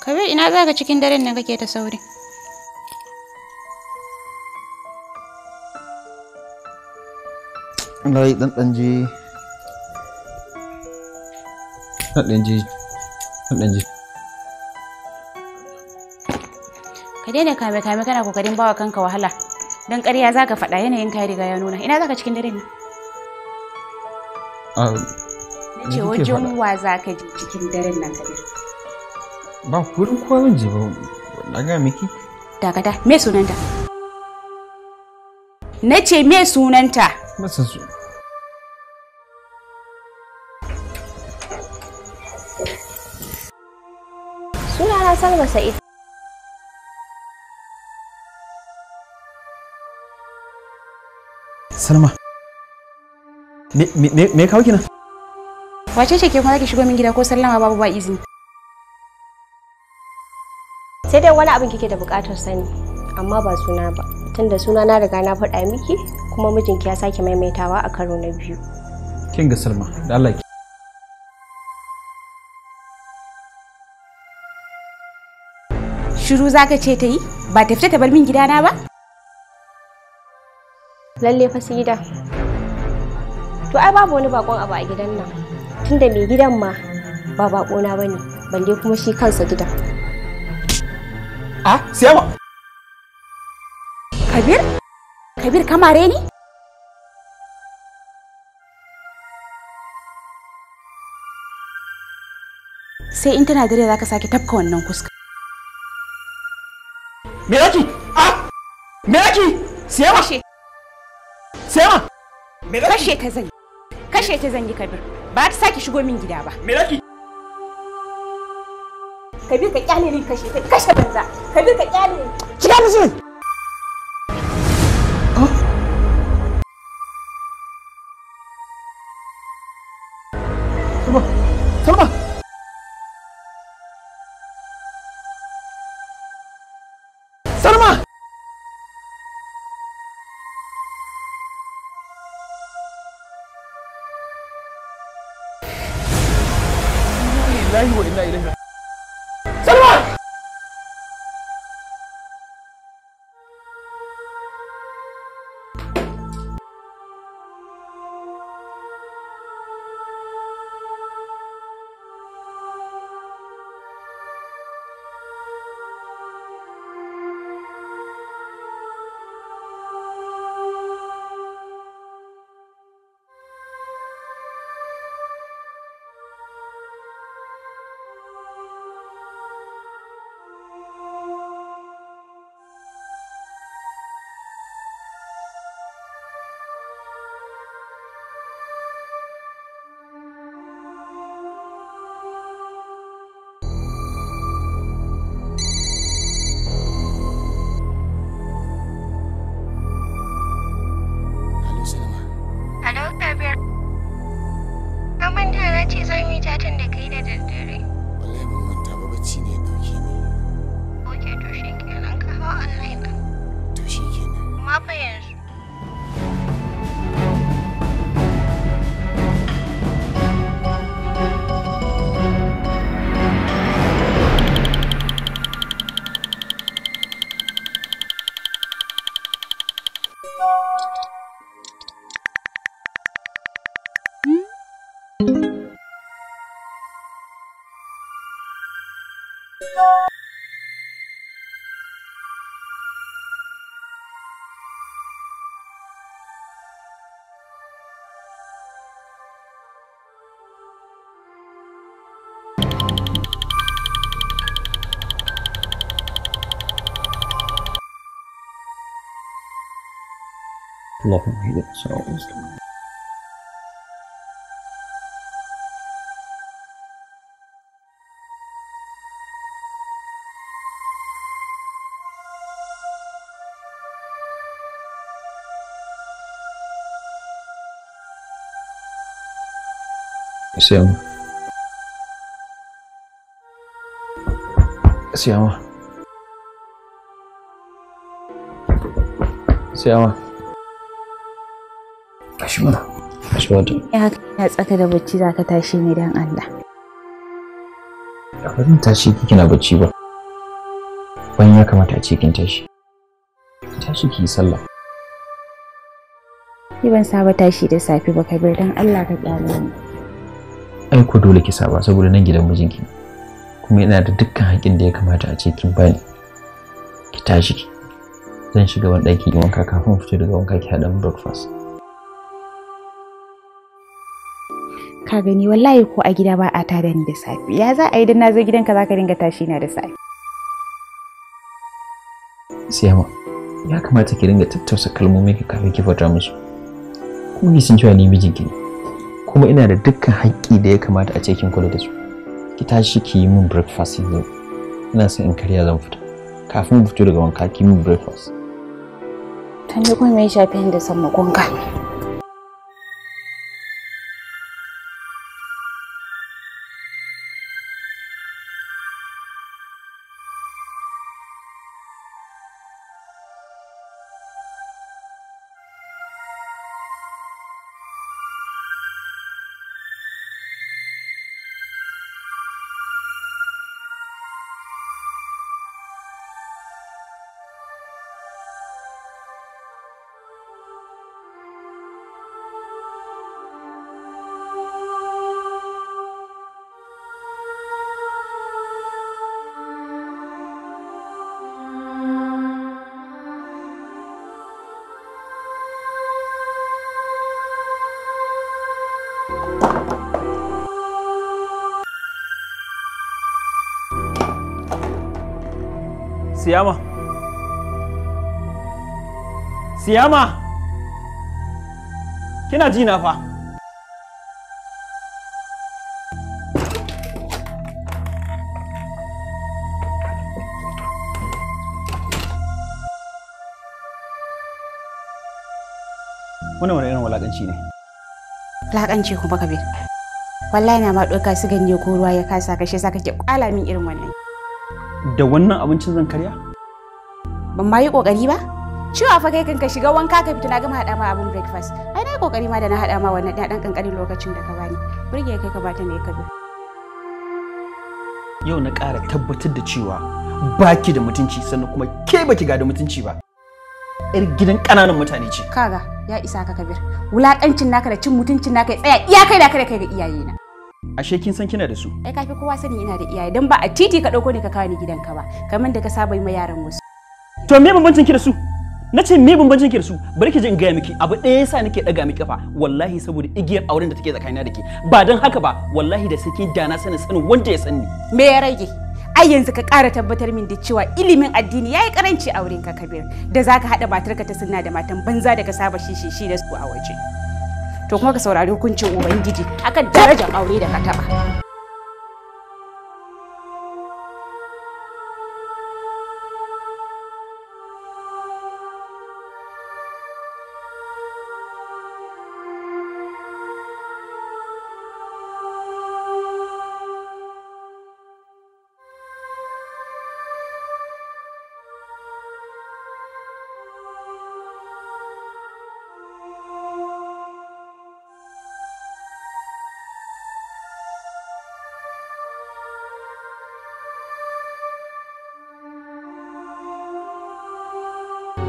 Kabir ina za ka cikin daren nan kake ta sauri? Na yi ɗanɗan je. Dan Ka daina kame-kame kana kokarin bawa kanka wahala. don ƙarya za ka faɗa yanayin ka riga ya nuna ina za ka cikin dare ne ah, na ce wajen wa za ka je cikin daren nan ka ba kurin kowa zan ba na ga miki dakata me sunanta na ce me sunanta masa su sunana salma sa'id Salma. Me kawo kina? Wace ce ke kuma zaki shigo min gida ko sallama babu ba izini? Sai dai wani abin kike da bukatar sani, amma ba suna ba. Tunda suna na riga na faɗa miki kuma mijinki ya sake maimaitawa a karo na biyu. Kin ga Salma, da Allah ki. Shiru zaka ce ta yi? Ba ta fita ta bar min gidana ba? lalle fa da? to ai babu wani bakon abu a gidan nan tunda mai gidan ma ba na ba ne balle kuma shi kansa gidan a ah, siyawa kabir kabir kamare ni sai in tana dare za ka sake tafka wannan kuska me zaki kashe ta zan kashe ta zan yi kabir ba ta sake shigo min gida ba me laki kabir ka kyale ni kashe ta kashe banza kabir ka kyale ni kira ni Locking themselves. Siamo. Siamo. Siamo. Hashmatu. Hashmatu. Ya haka ya tsaka da bacci za ka tashi ne don Allah. Ba zan tashi ki kina bacci ba. Ban ya kamata a cikin tashi. Tashi ki yi sallah. Ki ban saba tashi da safe ba kabir don Allah ka kyale ni. Ai ku dole ki saba saboda nan gidan mijinki. Kuma yana da dukkan haƙin da ya kamata a cikin bani. Ki tashi ki. Zan shiga wani ɗaki in wanka kafin fito daga wanka ki haɗa breakfast. ka gani wallahi ko a gida ba a ta da ni da safe ya za a yi dan na zo gidanka za ka dinga tashi na da safe siyama ya kamata ki dinga tattausa kalmomin ki kafin ki fada musu kuma ki sun cewa ni mijinki ne kuma ina da dukkan haƙƙi da ya kamata a ce kin kula da su ki tashi ki yi min breakfast yau ina son in karya zan fita kafin mu fito daga wanka ki yi min breakfast ta me kuma ya shafe da san makonka Siyama. Siyama! Kina ji na fa? Wani wani irin walakanci ne? Walakanci kuma kabir. Wallahi na ma ɗauka su ganye ko ruwa ya kasa kashe saka ke ƙwala min irin wannan. da wannan abincin zan karya ban ma yi kokari ba cewa fa kai kanka shiga wanka ka fita na gama hada ma abin breakfast ai na yi kokari ma da na hada ma wannan ɗan kankanin lokacin da ka bani burge kai ka bata ne ka bi yau na ƙara tabbatar da cewa baki da mutunci sannan kuma ke baki ga da mutunci ba yar gidan ƙananan mutane ce kaga ya isa ka kabir wulakancin naka da cin mutuncin naka ya tsaya kai da kai da kai ga iyayena ashe kin san kina da su ai kafi kowa sani ina da iyaye dan ba a titi ka dauko ni ka kawo ni gidanka ba kamar da ka saba yi ma yaran wasu to me bambancin ki da su na me bambancin ki da su bari ki ji in gaya miki abu ɗaya yasa nake daga miki kafa wallahi saboda igiyar auren da take tsakanina da ke ba dan haka ba wallahi da sai ki da na sanin sanin wanda ya sani me ya rage ai yanzu ka ƙara tabbatar min da cewa ilimin addini yayi karanci a wurin ka kabir da zaka hada matarka ta sunna da matan banza da ka saba shi shi da su a waje to kuma ka saurari hukuncin ubangiji akan darajar aure da ka taɓa.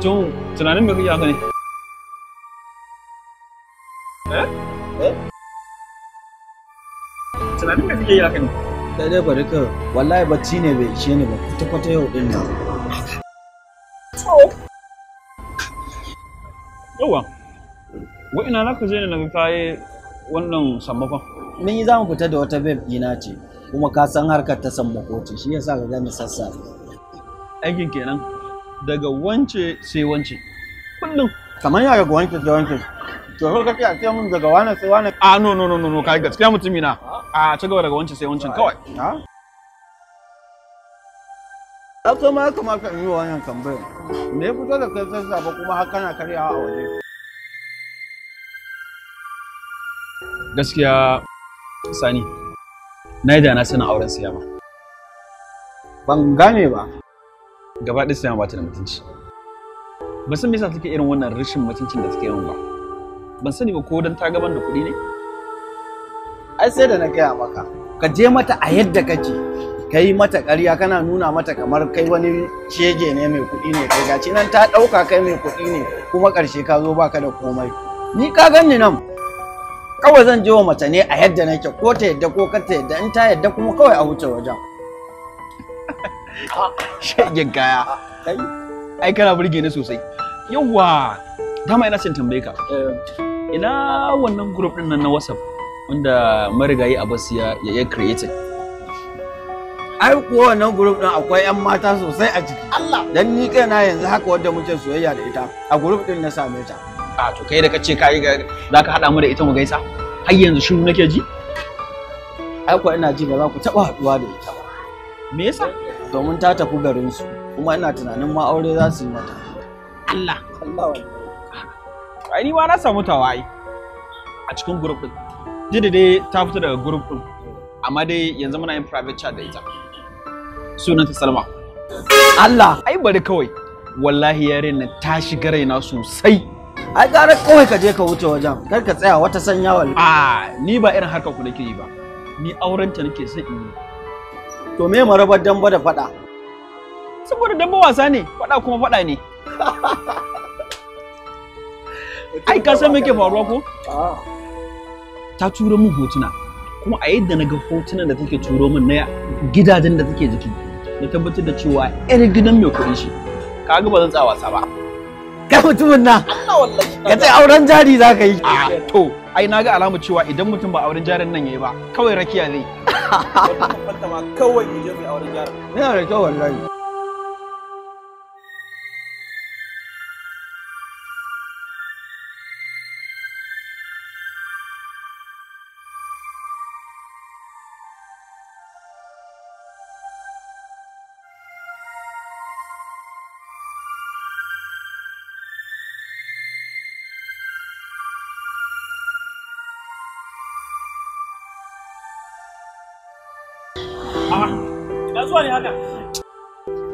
to tunanin me kuke haka ne eh? eh? tunanin me kuke yi haka ne sai dai bari ka wallahi bacci ne bai ishe ni ba kwata kwata yau din nan wa ina za ka je wannan sammakon mun yi za mu fita da wata babe ina ce kuma ka san harkar ta sammako ce shi yasa ka gane sassa. aikin kenan daga wance sai wance kullum kamar ya daga wance sai wance to ko kace a cikin mun daga wane sai wane a ah, no no no no kai gaskiya mutumi na a ah, ci gaba daga wance sai wancin kawai a to ma kamata in yi wannan tambayar me ya fito da kai sai safa kuma har kana karyawa a waje gaskiya sani na yi da na sanin auren siyama ban gane ba gaba ɗaya suna bata da mutunci Ba san me yasa take irin wannan rashin mutuncin da take yin ba ban sani ba ko dan ta gaban da kuɗi ne ai sai da na gaya maka ka je mata a yadda kake ka yi mata ƙarya kana nuna mata kamar kai wani shege ne mai kuɗi ne kai gaci nan ta ɗauka kai mai kuɗi ne kuma ƙarshe ka zo baka da komai ni ka ganni nan kawai zan je wa mace ne a yadda nake ko ta yadda ko ka ta yadda in ta yadda kuma kawai a wuce wajen shegen kaya ai kana burge ni sosai yawwa dama ina son tambaye ka eh, ina wannan group din nan na whatsapp wanda marigayi abbas ya ya created ai kuwa wannan group din akwai yan mata sosai a ciki Allah dan ni kaina yanzu haka wanda muke soyayya da ita a group din na same ta a to kai da kace kai za ka hada mu da ita mu gaisa har yanzu shiru nake ji ai kuwa ina ji ba za ku taba haduwa da ita ba me yasa domin ta tafi garinsu kuma ina tunanin ma aure za su yi mata Allah Allah ai ma na samu tawaye a cikin group din jidi dai ta fita daga group din amma dai yanzu muna yin private chat da ita Sunan ta Salma Allah ai bari kawai wallahi yare na ta shiga raina sosai ai gara kawai ka je ka wuce wajen kar ka tsaya wata sanya wallahi Ah, ni ba irin harkar ku nake yi ba ni auren ta nake son in yi To me marabar damba da faɗa? Saboda damba wasa ne, faɗa kuma faɗa ne. Ai ka san me ke faruwa ko? Ah. Ta turo min hotuna. Kuma a yadda na ga hotunan da take turo min na gidajen da take jiki, na tabbatar da cewa 'yar gidan mai kuɗi shi. Ka ga ba zan tsawasa ba. Ga mutumin na ka ce auren jari za ka yi to ai na ga alamu cewa idan mutum ba auren jarin nan yayi ba kawai rakiya zai kawai ya je auren jarin ne wallahi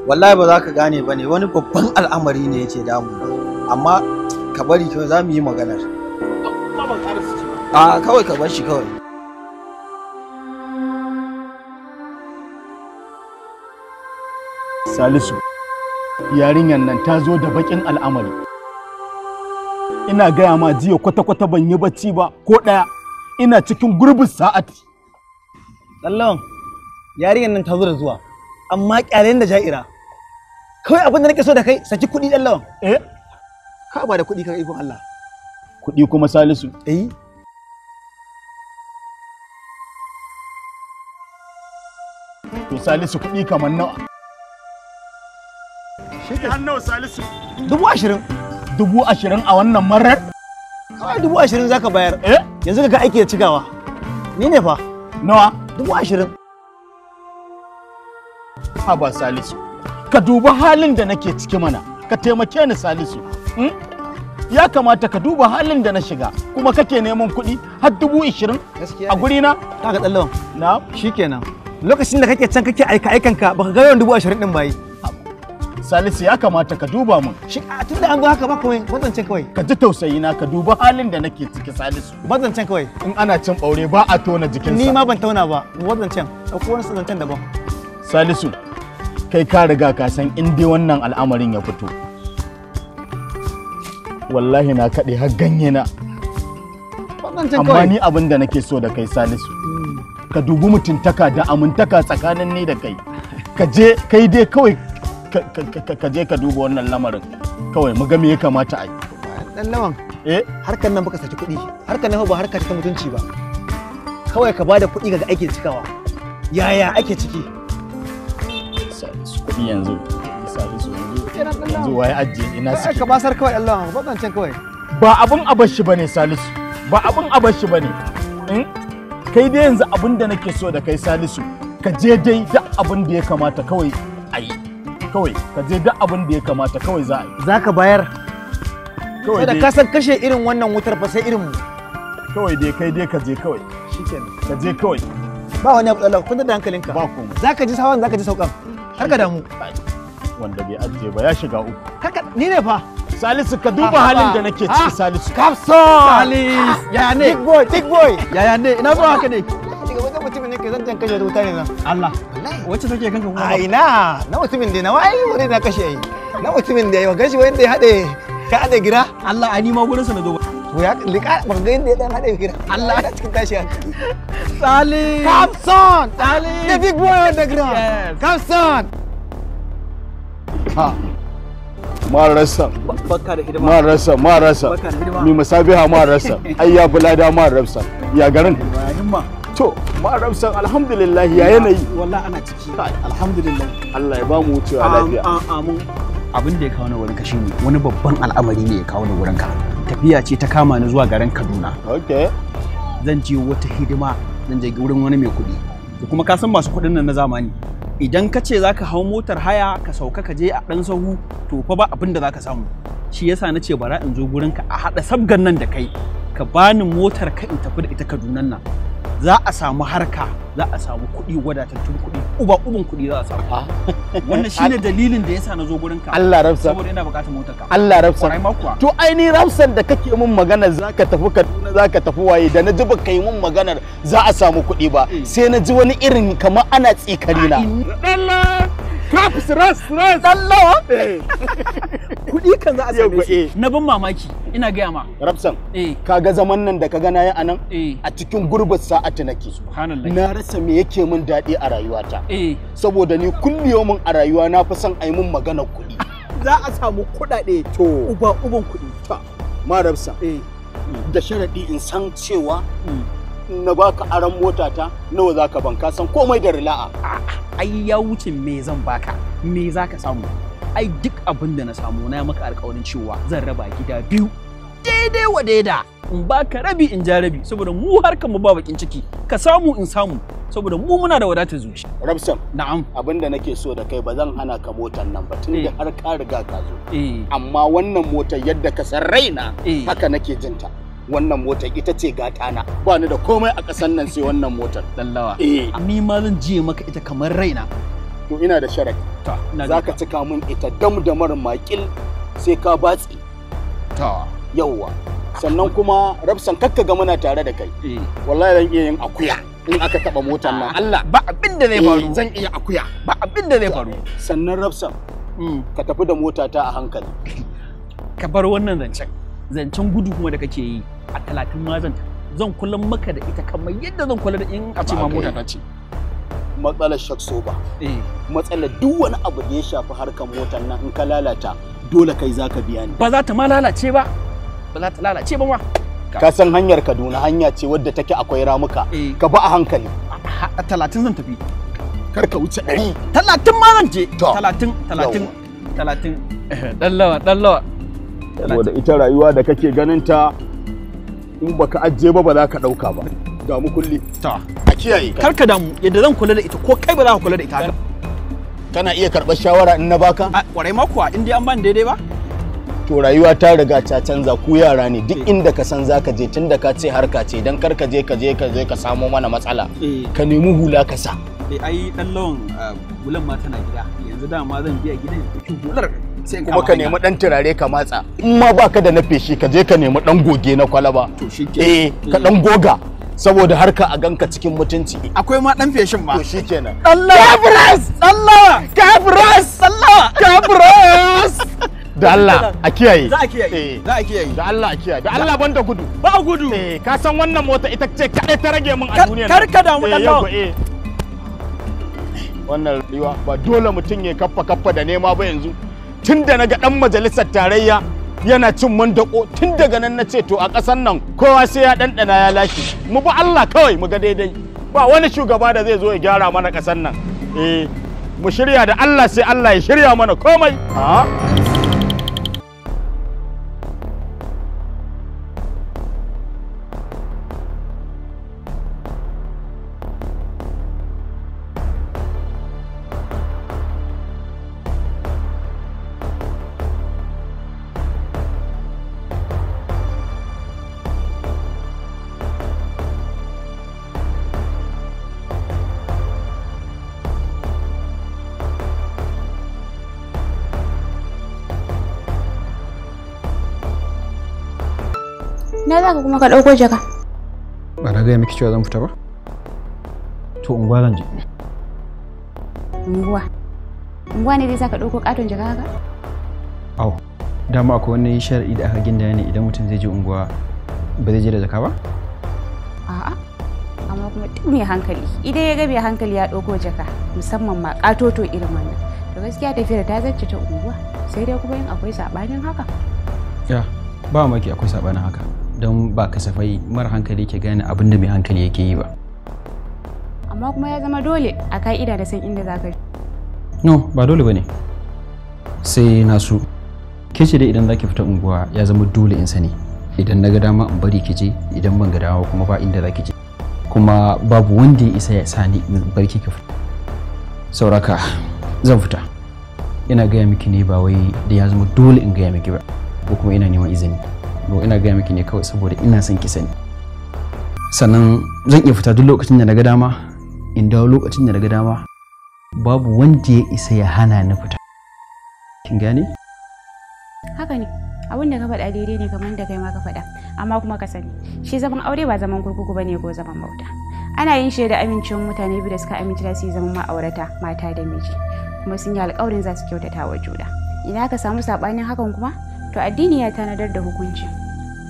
Wallahi ba za ka gane ba ne wani babban al'amari ne yake damu amma ka bari kawai za mu yi maganar. A kawai ka bar shi kawai. Salisu, yarinyar nan ta zo da bakin al'amari. Ina gaya ma jiya kwata-kwata ban yi bacci ba ko ɗaya ina cikin gurbin sa'ati. Lallon. yarinyar nan ta zo da zuwa amma kyalen da ja'ira kawai abin da nake so da kai saki kuɗi ɗan lawan eh ka ba da kuɗi kan ikon Allah kuɗi kuma salisu eh to salisu kuɗi kamar nawa har nawa salisu dubu ashirin dubu ashirin a wannan marar kawai dubu ashirin zaka bayar eh yanzu ka aiki da cigawa ni ne fa nawa dubu ashirin haba salisu ka duba halin da nake ciki mana ka taimake ni salisu hmm? ya kamata ka duba halin da na shiga kuma kake neman kuɗi har dubu ishirin a guri na kaga tsallawan na shikenan lokacin da kake can kake aika aikanka baka ga yawan dubu ashirin din bai salisu ya kamata ka duba mun shi a tun da an zo haka ba kawai mazance kawai ka ji tausayi na ka duba halin da nake ciki salisu mazancen kawai in ana cin ɓaure ba a tona jikinsa ni ma ban tauna ba mazancen ɗauko wani zancen daban salisu kai ka riga ka san in dai wannan al'amarin ya fito wallahi na kaɗe har ganye na amma ni abin da nake so da kai salisu hmm. ka dubi mutuntaka da amintaka tsakanin ni da kai ka je kai dai kawai ka je ka duba wannan lamarin kawai mu ga me ya kamata a yi dan lawan eh harkar nan baka saki kuɗi harkar nan ba harka ta mutunci ba kawai ka bada kuɗi ga aikin cikawa yaya ake ciki kuɗi yanzu yanzu waye ajiye ina suke ka basar kawai Allah ba can kawai ba abun abashi bane Salisu ba abun abashi bane in hmm? kai dai yanzu abun da nake so da kai Salisu ka je dai duk abun da ya kamata kawai a kawai ka je duk abun da ya kamata kawai za a yi za ka bayar kawai dai ka san kashe irin wannan wutar ba sai irin mu kawai dai kai dai ka je kawai shikenan ka je kawai ba wani abu Allah kun da hankalinka ba komai zaka ji sawan zaka ji saukan ka damu wanda bai ajiye ba ya shiga uku karka ni ne fa salisu ka duba ah, ah, halin da nake ciki ah. salisu kapso salis yaya ne big boy big boy yaya ne ina zuwa haka ne daga wajen mutumin ne ke zan can kashe wuta ne nan Allah wacce take kanka kuma ai na na mutumin da na wai wani na kashe ai na mutumin da ya gashi wanda ya hade ka hade gira Allah a ni ma gurin sa na zo wuya lika ban ga yadda ya dan hada hira Allah ya cikin tashi Sali Thompson Sali the big boy on the ground yes. kamson. ha marasa marasa marasa mi musabiha marasa ai ya bulada marasa ya garin to marasa alhamdulillah ya yanayi wallahi ana ciki alhamdulillah Allah ya ba mu wucewa lafiya amin abin da ya kawo ni wurin ka ne wani babban al'amari ne ya kawo ni wurin ka tafiya ce ta kama ni zuwa garin Kaduna. Zan je wata hidima zan je wurin wani mai kuɗi. Da kuma ka san masu kuɗin nan na zamani. Idan ka ce za ka hau motar haya ka sauka ka je a ɗan sahu to fa ba abin da zaka samu. Shi yasa na ce bara in zo gurinka a haɗa sabgan nan da kai ka bani motar ka in tafi da ita kadunan nan za a samu harka za a samu kuɗi wadatattun kuɗi uba uban kuɗi za a samu wannan shine dalilin da yasa na zo gurin ka Allah rafsan saboda ina buƙatar motar ka Allah rafsan to ai ni rafsan da kake mun magana zaka tafi Kaduna zaka tafi waye da naji baka yi mun magana za a samu kuɗi ba mm. sai na ji wani irin kamar ana tsikari na Kaf stress stress. Kuɗi kan za a same shi. Eh. Na ban mamaki ina gaya ma. Rabsan. Eh. Ka zaman nan da ka gana nayi anan eh. a cikin gurbar sa'ati nake. Subhanallah. Na rasa me yake min daɗi a rayuwata. Saboda ni min a rayuwa na fi son a yi min maganar kuɗi. Za a samu kuɗaɗe. To. Uba uban kuɗi. Ma Rabsan. Da sharaɗi in san cewa hmm. na baka aran mota ta nawa zaka ban ka san komai da rila'a ai ya wuce me zan baka me zaka samu ai duk abin da na samu na maka alƙawarin cewa zan raba gida biyu daidai wa daida in baka rabi in ja rabi saboda mu harkar mu ba bakin ciki ka samu in samu saboda mu muna da wadatar zuci rabsan na'am abin da nake so da kai ba zan hana ka motar nan ba tunda eh. har ka riga ka zo eh. amma wannan motar yadda ka san raina eh. haka nake jinta wannan motar ita ce gata na. ba ni da komai a ƙasar nan sai wannan motar dallawa eh ah. ni ma zan jiye maka ita kamar raina to ina da sharadi ta za ka cika min ita dam da mara makil sai ka batsi ta yawa sannan kuma rabsan kakka ga muna tare da kai eh. wallahi zan iya yin akuya in aka taba motar nan ah, Allah ba abin da zai eh, faru zan iya akuya ba abin da zai faru sannan rabsan mm. ka tafi da motata a hankali ka bar wannan zancen zancen gudu kuma da kake yi a talatin ma zan zan kullum maka da ita kamar yadda zan kula da in a ce ma mota ta ce matsalar shak soba eh. matsalar duk wani abu da ya shafi harkar motar nan in ka lalata dole kai zaka biya ni ba za ta ma lalace ba ba za ta lalace ba ma ka san hanyar kaduna hanya ce wadda take akwai ramuka eh. ka bi a hankali a talatin zan tafi kar ka wuce ɗari talatin ma zan je talatin talatin talatin ɗan lawa ɗan lawa saboda ita rayuwa da kake ganin ta in baka ajiye ba ba za ka ɗauka ba damu kulli ta a kiyaye kar ka damu yadda zan kula da ita ko kai ba za ka kula da ita haka kana iya karɓar shawara in na baka a kwarai ma kuwa in dai an ban daidai ba to rayuwa ta riga ta canza ku yara ne duk inda ka san zaka je tun da ka ce harka ce dan kar ka je ka je ka je ka samo mana matsala eh. ka nemi hula ka sa eh, ai dan lawan ah, hulan ma tana gida yanzu dama zan biya gidan da hular kuma ka nemi dan turare ka matsa in ma baka da na feshi ka je ka nemi dan goge na kwalaba eh ka dan goga saboda harka a ganka cikin mutunci akwai ma dan feshin ma to shikenan Allah kafiras Allah kafiras Allah kafiras da Allah a kiyaye za a kiyaye eh. za a kiyaye da Allah a kiyaye da Allah banda gudu ba gudu eh ka san wannan mota ita ce kadai ta rage min a duniya kar ka damu dan eh, Allah eh. wannan riwa ba dole mutum ya kaffa kaffa da nema ba yanzu tun da na ga ɗan majalisar tarayya yana cin mandako tun daga nan na ce to a ƙasar nan kowa sai ya ɗanɗana ya lashe mu bi Allah kawai mu ga daidai ba wani shugaba da zai zo ya gyara mana ƙasar nan eh mu shirya da Allah sai Allah ya shirya mana komai a'a kuma ka ɗauko jaka. Ba na gaya miki cewa zan fita ba? To unguwa zan je. Unguwa? Unguwa ne dai za ka ɗauko ƙaton jaka haka? Au, dama akwai wani shari'i da aka gindaya ne idan mutum zai je unguwa ba zai je da jaka ba? A'a, amma kuma duk mai hankali. Idan ya ga mai hankali ya ɗauko jaka musamman ma ƙatoto irin wannan. To gaskiya tafiyar ta zacce ta unguwa sai dai kuma yin akwai saɓanin haka. Ya, ba maki akwai saɓanin haka. don ba kasafai mara hankali ke gane abinda mai hankali yake yi ba amma kuma ya zama dole a ka'ida da san inda za ka no ba dole ba ne sai na su ke dai idan za ki fita unguwa ya zama dole in sani idan na ga dama in bari ki je idan ban ga dama kuma ba inda za ki je kuma babu wanda ya isa ya sani in bar ki fita sauraka zan fita ina gaya miki ne ba wai da ya zama dole in gaya miki ba ko kuma ina neman izini no ina gaya miki ne kawai saboda ina son ki sani sannan zan iya fita duk lokacin da na ga dama in dawo lokacin da na ga dama babu wanda ya isa ya hana ni fita kin gane haka ne abin da ka faɗa daidai ne kamar da kai ma ka faɗa amma kuma ka sani shi zaman aure ba zaman kurkuku ba ne ko zaman bauta ana yin shi da amincin mutane biyu da suka amince da su zaman ma'aurata mata da miji kuma sun yi alƙawarin za su kyautata wa juna ina ka samu saɓanin hakan kuma to addini ya tanadar da hukunci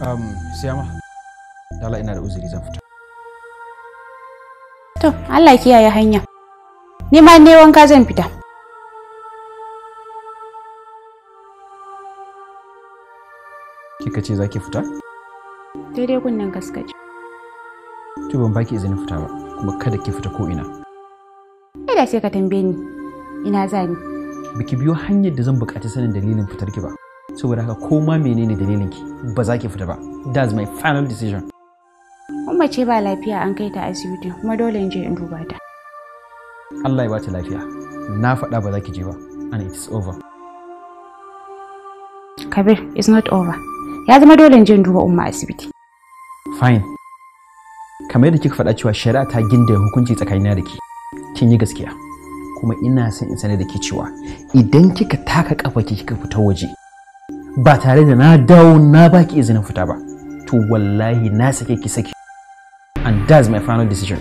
um, siyama dala ina da uzuri zan fita to allah kiyaye hanya ni ma ne wanka zan fita kika ce za ki fita daidai kunnen gaskaci to ban baki izinin fita ba kuma kada ki fita ko ina da sai ka tambaye ni ina za ni biki biyo hanyar da zan bukaci sanin dalilin fitar ki ba saboda haka ko ma menene dalilin ki ba za ki fita ba that's my final decision umma ce ba lafiya an kai ta asibiti kuma dole in je in duba ta Allah ya bata lafiya na faɗa ba za ki je ba and is over Kabir it's not over ya zama dole in je in duba umma asibiti fine kamar yadda kika faɗa cewa shari'a ta gindaya hukunci tsakanina da ke kin yi gaskiya kuma ina son in sanar da ke cewa idan kika taka kafa kika fita waje ba tare da na dawo na baki izinin fita ba to wallahi na sake ki saki and that's my final decision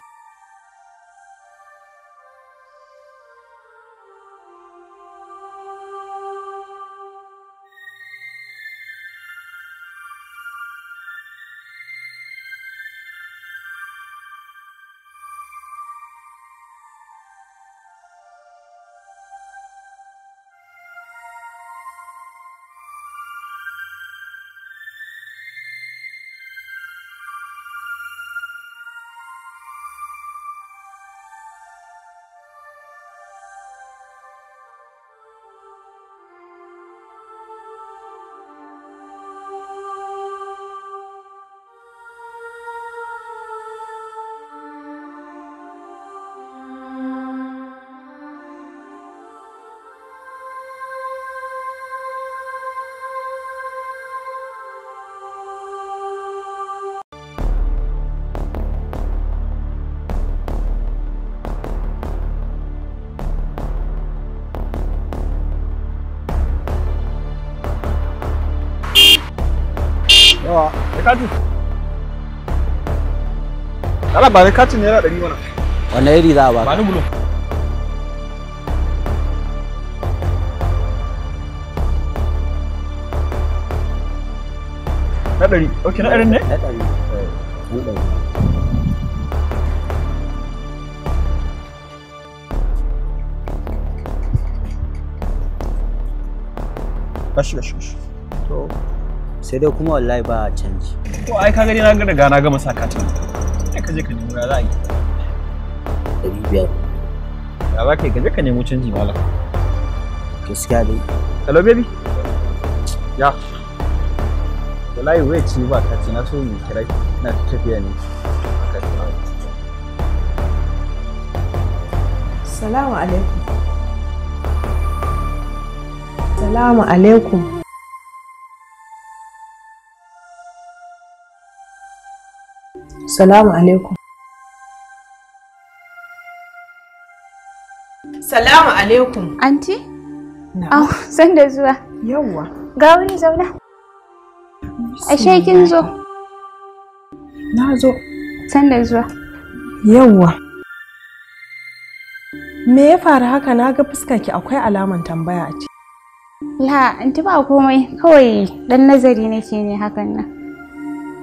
Nawa? Da ba da katin naira ɗari mana. Wanne iri za a Ba ni bulo. Na ɗari. Ok, na ɗari ne? Na ɗari. Eh, na sai dai kuma wallahi ba a canji to ai gani na ga daga na gama saka ta Ai ka je ka nemo ya za a yi Dari biyar ya za ka yi ka je ka nemo canji malam gaskiya dai hello baby ya wallahi wai ci ba ka ce na so mu kira na tafiya ne Salamu alaikum. Salamu alaikum. Salamu alaikum. Salamu alaikum. Anti? Na. Oh, san da zuwa. Yawwa. Ga wuri zauna. Ashe kin zo. Na zo. Zan da zuwa. Yawwa. Me ya faru haka na ga fuskarki akwai alaman tambaya a ciki. La, anti ba komai, kawai dan nazari nake ne hakan nan.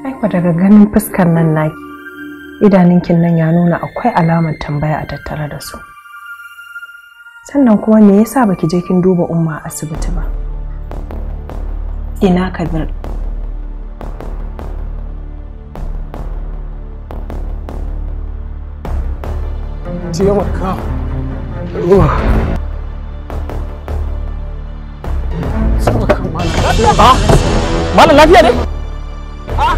Aiko daga ganin fuskar nan naki, idaninkin nan ya nuna akwai alamar tambaya a tattare da su. Sannan kuma me yasa baki je kin duba umma a asibiti ba? Ina Kabir ce yawa ka ruwa sama kan malam lafiya ne? Ah!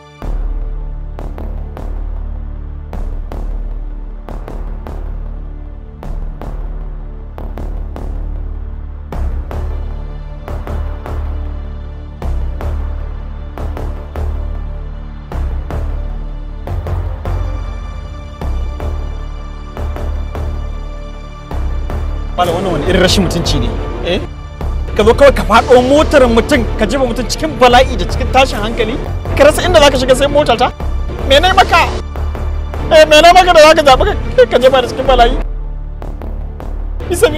Malam wannan wani irin rashin mutunci ne. Eh? Ka zo kawai ka faɗo motar mutum ka jefa mutum cikin bala'i da cikin tashin hankali. Ka rasa inda zaka shiga sai motar ta. Me maka? Eh me ne maka da zaka zaɓi ka jefa da cikin bala'i? Bisa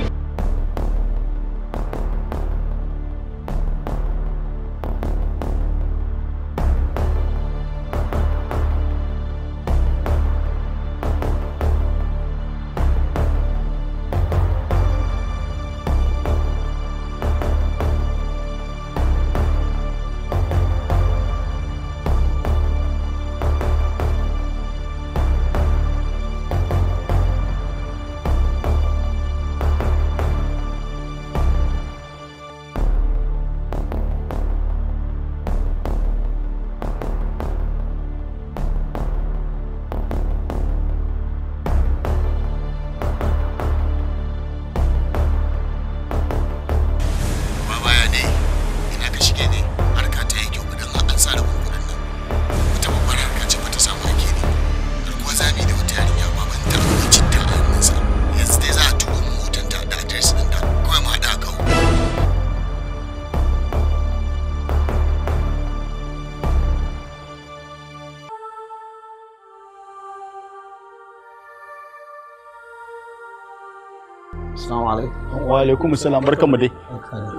wa alaikum salam mu dai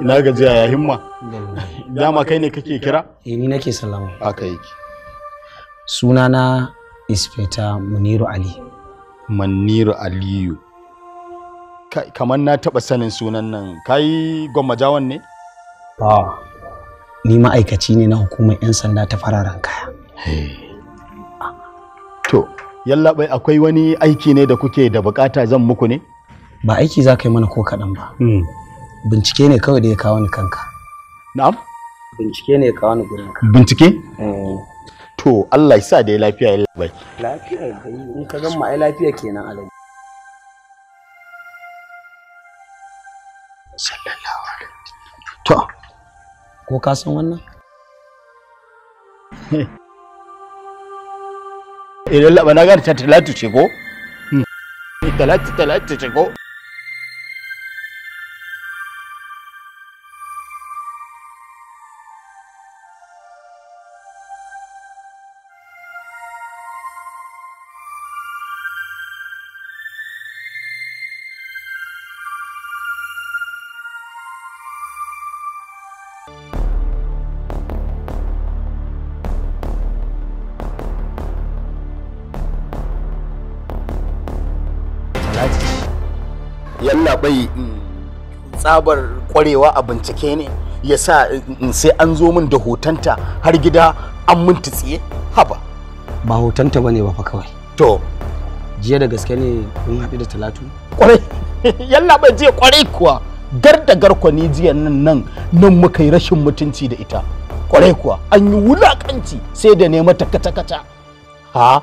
ina gajiya ya himma dama kai ne kake kira eh ni nake sallama aka yake sunana inspector muniru ali Muniru aliyu kamar na taba sanin sunan nan kai jawan ne ba ni ma'aikaci ne na hukumar 'yan sanda ta fararen kaya to yallaɓai akwai wani aiki ne da kuke da bukata zan muku ne ba aiki za ka yi mana ko kaɗan ba hmm. bincike ne kawai da ya kawo ni kanka na'am bincike ne ya kawo ni gurin ka bincike eh. to Allah ya sa da ya lafiya ya labai lafiya in ka gan ma ai lafiya kenan alai. sallallahu alaihi to ko ka san wannan idan eh, laɓa na gane ta talatu ce ko hmm. talatu talatu ce ko tsabar kwarewa a bincike ne ya sa eh, sai an zo min da hotonta har gida an minti tsiye haba ba hotonta bane ba fa kawai to jiya da gaske ne kun haɗu da talatu kwarai yalla bai jiya kwarai kuwa gar da garkwa ni jiya nan nan nan muka yi rashin mutunci da ita kwarai kuwa an yi wulakanci sai da ne mata kata-kata ha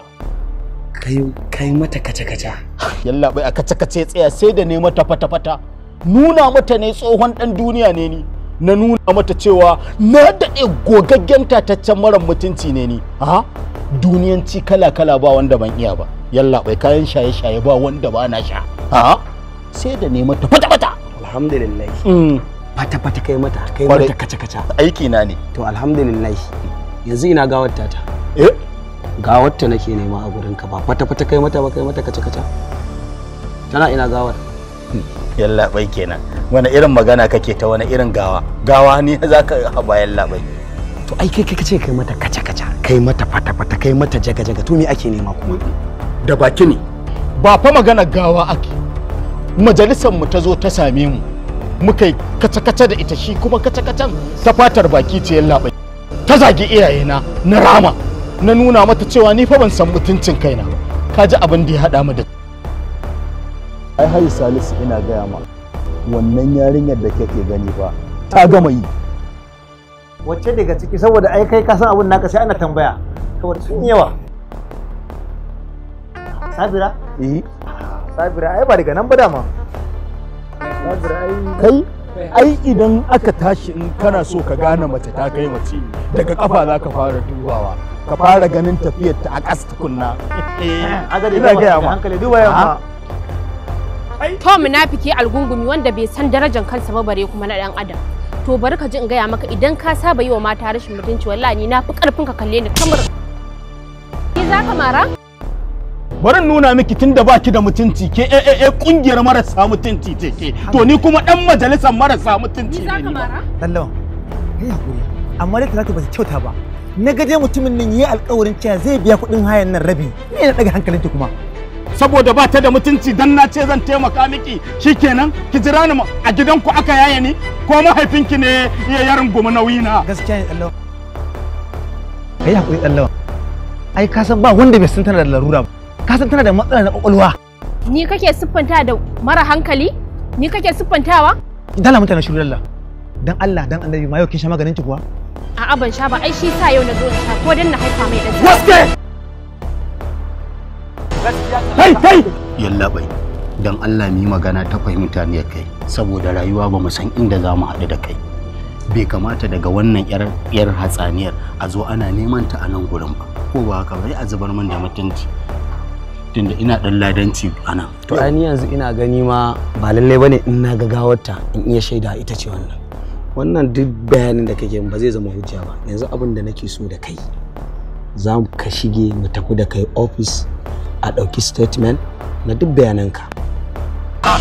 kai kai mata kata-kata yalla bai a kace-kace tsaya sai da ne mata fata-fata nuna mata ne tsohon ɗan duniya ne ni na nuna mata cewa na daɗe gogaggen tataccen marar mutunci ne ni a duniyanci kala-kala ba wanda ban iya ba yalla bai kayan shaye-shaye ba wanda ba na sha a sai da ne mata fata-fata alhamdulillah mm. fata-fata kai mata kai mata kaca-kaca aiki na ne to alhamdulillah yanzu ina gawar tata eh gawar ta nake nema a gurin ka ba fata-fata kai mata ba kai mata kaca-kaca tana ina gawar hmm. yallaɓai kenan wani irin magana kake ta wani irin gawa gawa ne za ka haɓa yallaɓai to ai kai kace kai mata kaca kaca kai mata fata fata kai mata jaga jaga to me ake nema kuma da baki ne ba fa magana gawa ake majalisar mu ta zo ta same mu muka yi kaca kaca da ita shi kuma kaca kacan ta fatar baki ce yallaɓai ta zagi iyayena na rama na nuna mata cewa ni fa ban san mutuncin kaina ka ji abin da ya haɗa mu da ai hayi salisu ina gaya ma wannan yarinyar da kake gani ba ta gama yi wacce daga ciki saboda ai kai ka san abun naka sai ana tambaya saboda sun yawa sabira eh sabira ai ba daga nan ba dama sabira ai kai ai idan aka tashi in kana so ka gane mace ta kai mace daga kafa za ka fara dubawa ka fara ganin tafiyar ta a kunna eh ina gaya ma hankali duba yamma ah? to munafiki algungumi wanda bai san darajar kansa ba bare kuma na dan adam to bari ka ji in gaya maka idan ka saba yi wa mata rashin mutunci wallahi ni na fi karfin ka kalle ni kamar ki za ka mara bari nuna miki tunda baki da mutunci ke eh eh eh kungiyar marasa mutunci ce ke to ni kuma dan majalisar marasa mutunci ne ki za ka mara lallawa kai hakuri amma dai talatu ba ta kyauta ba na gaje mutumin nan yayi alƙawarin cewa zai biya kuɗin hayan nan rabi me na daga hankalinta kuma saboda ba ta da mutunci dan na ce zan taimaka miki shikenan ki jira ni a gidanku aka yaye ni ko mahaifinki ne ya yarin goma nauyi na gaskiya ne dallawa kai hakuri dallawa ai ka san ba wanda bai san tana da larura ba ka san tana da matsala na kwakwalwa ni kake siffanta da mara hankali ni kake siffantawa dala mutane shiru dalla dan Allah dan annabi ma yau kin sha maganin ki kuwa a'a ban sha ba ai shi sa yau na zo sha ko dan na haifa mai dan waske gaskiya kai kai bai don Allah mi magana ta fahimta ne kai saboda rayuwa ba mu san inda za mu haɗu da kai bai kamata daga wannan yar hatsaniyar a zo ana neman ta a nan gurin ba ko ba haka bai a zubar min da mutunci tunda ina dan ladanci a nan to ni yanzu ina gani ma ba lallai bane in na ga gawarta in iya shaida ita ce wannan wannan duk bayanin da kake ba zai zama hujja ba yanzu abin da nake so da kai za ka shige mu tafi da kai office a ɗauki statement na duk bayanan bayananka. Ah,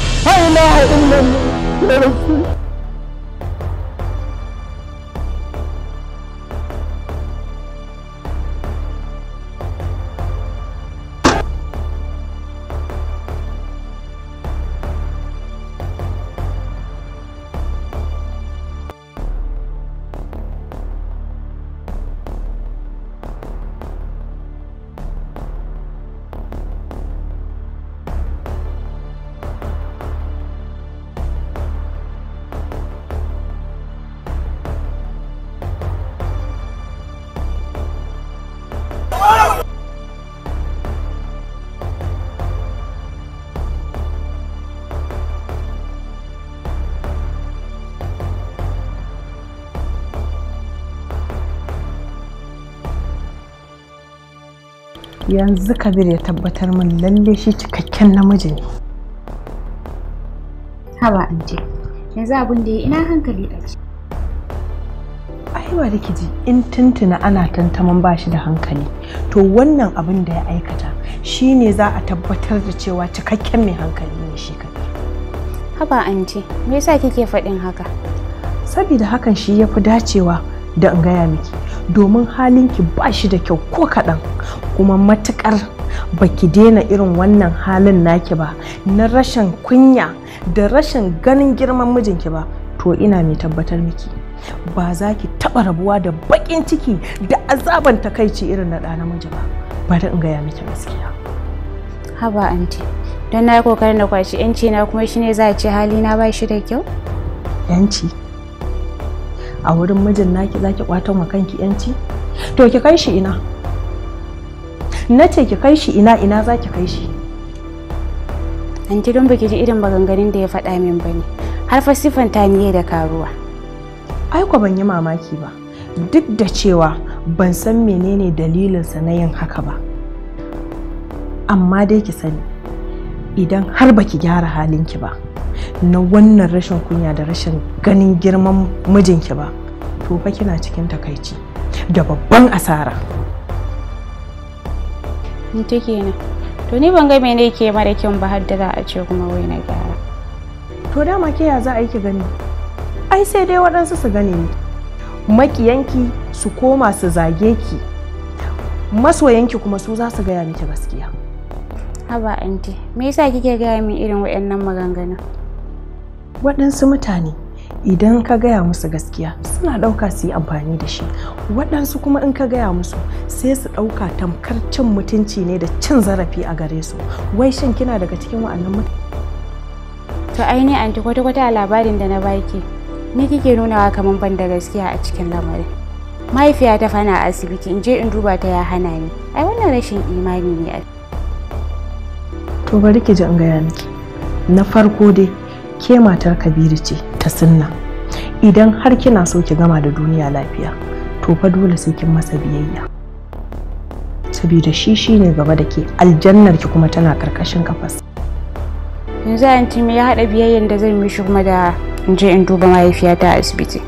yanzu kabir ya tabbatar min lalle shi cikakken namiji ne haba anje yanzu abin da ya ina hankali a ci aiwa da ji in tuntuna ana tantaman ba shi da hankali to wannan abin da ya aikata shi ne za a tabbatar da cewa cikakken mai hankali ne shi kabir haba anje me yasa kike faɗin haka saboda hakan shi ya fi dacewa da in gaya miki domin halinki ba shi da kyau ko kaɗan kuma matuƙar ki daina irin wannan halin naki ba na rashin kunya da rashin ganin girman mijinki ba to ina mai tabbatar miki ba za ki taɓa rabuwa da baƙin ciki da azaban takaici irin na ɗa namiji ba bari in gaya miki gaskiya haba anti don na yi ƙoƙarin da kwashi 'yanci na kuma shine za a ce hali na ba shi da kyau 'yanci a wurin mijin naki zaki kwatan wa kanki yanci to ki kai shi ina na ce ki kai shi ina ina zaki kai shi an ji don baki ji irin maganganun da ya faɗa min ba ne har fa ta ni da karuwa ai ko ban yi mamaki ba duk da cewa ban san menene dalilinsa na yin haka ba amma dai ki sani idan har baki gyara halinki ba na wannan rashin kunya da rashin ganin girman mijinki ba to fa kina cikin takaici da babban asara ni ta kenan to ni ban ga mene yake mara kyan ba har da za a ce kuma wai na gyara to dama ke ya za a yi ki gani ai sai dai waɗansu su gane ni makiyanki su koma su zage ki masoyanki kuma su za su gaya miki gaskiya haba anti me yasa kike gaya min irin waɗannan maganganun waɗansu mutane idan ka gaya musu gaskiya suna ɗauka su yi amfani da shi waɗansu kuma in ka gaya musu sai su ɗauka tamkar cin mutunci ne da cin zarafi a gare su wai shin kina daga cikin wa'annan mutane to aini anti kwata-kwata a labarin da na baki ni kike nunawa kamar ban da gaskiya a cikin lamarin mahaifiya ta fana a asibiti in je in duba ta ya hana ni ai wannan rashin imani ne to bari ki ji in gaya miki na farko dai ke matar kabiru ce ta sunna idan har kina so ki gama da duniya lafiya to fa dole sai kin masa biyayya saboda shi shi ne gaba da ke aljannar ki kuma tana karkashin kafas yanzu yanti me ya haɗa biyayyan da zan mishi kuma da in je in duba mahaifiyata a asibiti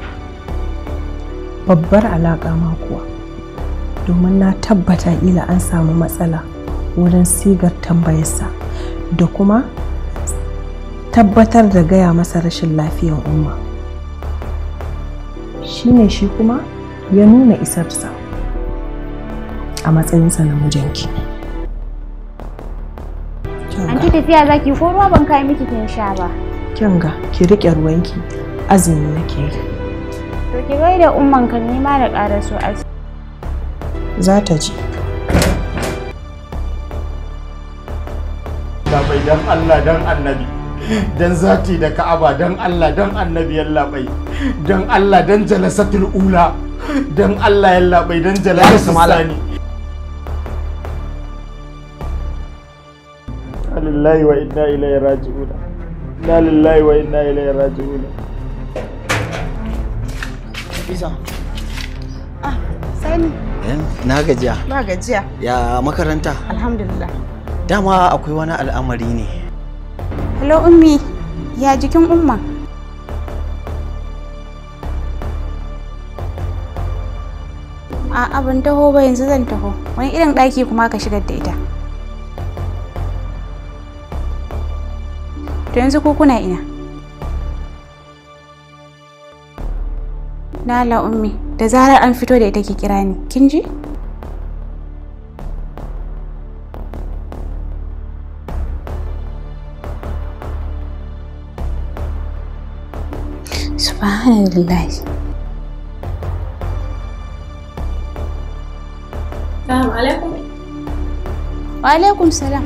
babbar alaƙa ma kuwa domin na tabbata ila an samu matsala wurin sigar tambayarsa da kuma tabbatar da gaya masa rashin lafiyar umma shine shi kuma ya nuna isarsa a matsayinsa na mijinki ki tafiya za ki ko ruwa ban kai miki kin sha ba Kin ga ki riƙe ruwanki azumi nake yi to ki gaida umman kan nima da ƙaraso azumi za ta ji da bai dan Allah dan annabi dan zati da ka'aba dan Allah dan annabi yallaɓai dan Allah dan jalasatul ula dan Allah yallaɓai dan jalasatul sani lillahi wa inna ilayhi raji'un la lillahi wa inna ilayhi raji'un Bisa. Ah, sani. Eh, na gajiya. Na gajiya. Ya makaranta. Alhamdulillah. Dama akwai wani al'amari ne. Hello Ummi, ya jikin Umma? A'a ban taho ba yanzu zan taho. Wani irin ɗaki kuma ka shigar da ita? To yanzu ko kuna ina? Nala Ummi, da zarar an fito da ita ki kira ni. Kin ji? subhanallah Assalamu alaikum. Wa alaikum salam.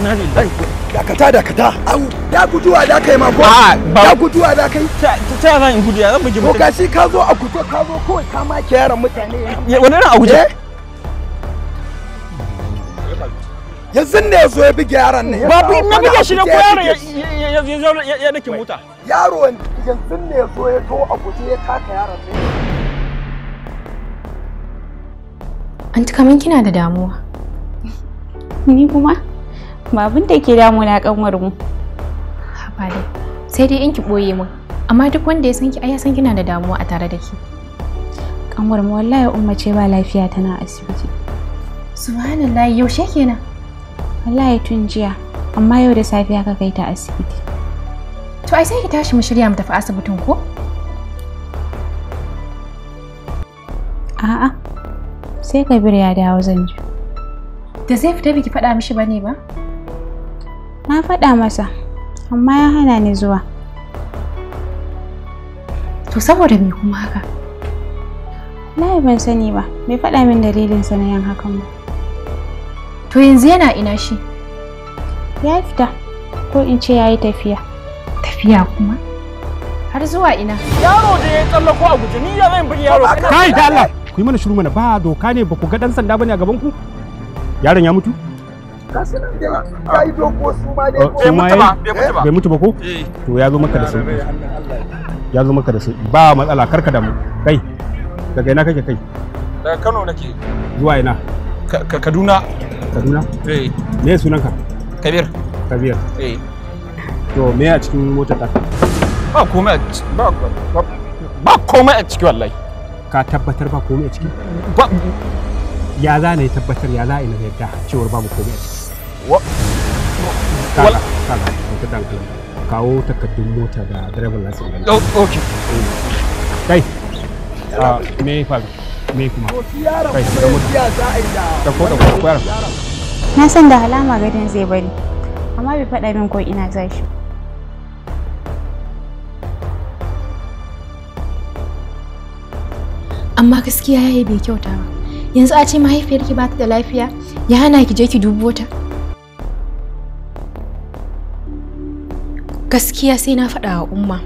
inna lillahi dakata dakata au da guduwa da kai ma ko da guduwa da kai ta ta zan in gudu ya zan bugi mutum ko kashi ka zo a guje ka zo kawai ka ma ki yaran mutane ya wani ran a guje eh? yanzu ne ya zo ya bugi yaran ne babu na buge shi ne ko yaron ya ya dake mota yaro yanzu ne ya zo ya to a guje ya taka yaran ne anti kaman kina da damuwa ni kuma kuma abin da yake damuna kanwar mu dai sai dai in ki boye mu amma duk wanda ya san ki ai san kina da damuwa a tare da ki kanwar mu wallahi umma ce ba lafiya tana asibiti subhanallahi yaushe kenan wallahi tun jiya amma yau da safiya ka kai ta asibiti to ai sai ki tashi mu shirya mu tafi asibitin ko a'a sai kabir ya dawo zan ji da zai fita biki faɗa mishi bane ba na faɗa masa amma ya hana ni zuwa to saboda me kuma haka na ban sani ba me faɗa min dalilin sanayin hakan ba to yanzu yana ina shi ya fita ko in ce ya yi tafiya tafiya kuma har zuwa ina yaro da ya tsallako a guje ni ya zan bin yaro kai da Allah ku yi mana shiru mana ba doka ne ba ku ga dan sanda bane a gaban ku yaron ya mutu ga su nan ah. yi dogo su ma dai oh, eh, eh? Eh, bai mutu ba ko to ya zo maka da sauki ya zo maka da sauki ba matsala karka damu kai daga ina kake kai daga Kano nake zuwa ina Kaduna Kaduna eh me sunanka Kabir Kabir eh to me a cikin motar ta ba komai ba ba komai a ciki wallahi ka tabbatar ba komai a ciki ya za na yi tabbatar ya za a yi na yadda cewar babu komai a ciki kawo takardun mota da direban lasin gani. Oh, ok. kai me faru me kuma kai da mota da ko da ko kwara na san da alama gadon zai bari amma bai faɗa min ko ina zashi amma gaskiya yayi bai kyauta ba yanzu a ce mahaifiyarki ba ta da lafiya ya hana ki je ki dubo ta gaskiya sai na faɗa wa umma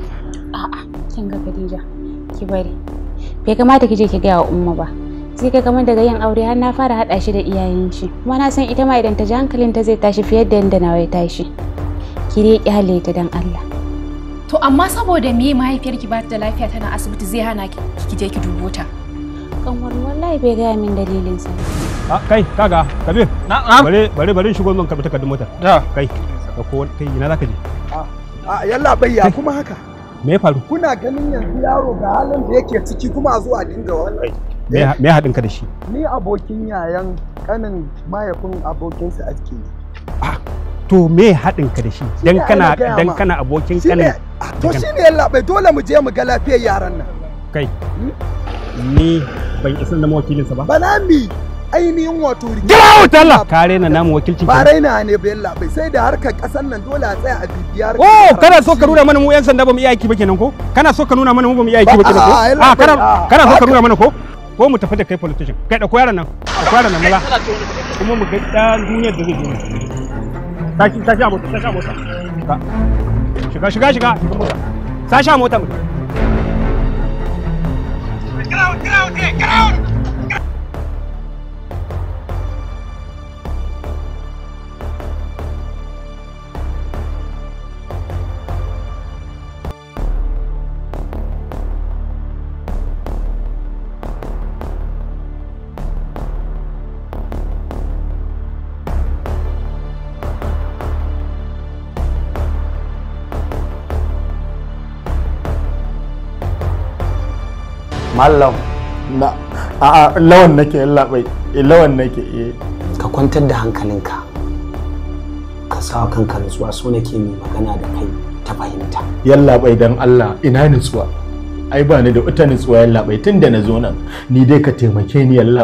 a'a kin ga Khadija ki bari bai kamata ki je ki gaya wa umma ba sai ka kamar daga yin aure har na fara haɗa shi da iyayen shi kuma na san ita ma idan ta ji hankalin ta zai tashi fiye da yadda nawa ya tashi ki dai kyale ta dan Allah to amma saboda me mahaifiyarki ba ta da lafiya tana asibiti zai hana ki ki je ki dubo ta kanwar wallahi bai gaya min dalilinsa. A ah, kai kaga Kabir. Na'am. Bare bare bare shigo min ka takardun mota. Da. Kai. Ka ko kai ina zaka je? A ah, ah, yalla bayya kuma haka. Me ya faru? Kuna ganin yanzu yaro ga halin da yake ciki kuma a zuwa dinga wannan. Me ya haɗin ka da shi? Ni abokin yayan kanin abokin abokinsa ake ne. Ah, to me haɗin ka da shi dan kana dan kana abokin kanin to shine yalla bai dole mu je mu ga lafiyar yaran nan kai hmm? ni ban isa zama wakilinsa ba balami ainihin wato rigima out Allah ka raina namu wakilcin ba raina ne bayan labai sai da harkar kasar nan dole a tsaya a bibiyar oh kana so ka nuna mana mu yan sanda bamu iya aiki ba kenan ko kana so ka nuna mana mu bamu iya aiki ba kenan ko a ah, kana kana so ka nuna mana ko ko mu tafi da kai politician kai da koyaran nan da koyaran nan maza kuma mu ga dan duniyar da zai je tashi tashi a mota tashi a mota shiga shiga shiga shiga mota tashi a mota mutum Get Malam A'a lawan nake labai eh, lawan nake eh ka kwantar da hankalinka ka sa kanka nutsuwa so nake mai magana da kai ta fahimta yalla bai dan Allah ina nutsuwa ai ba ni da uta nutsuwa yalla bai tunda na zo nan ni dai ka taimake ni yalla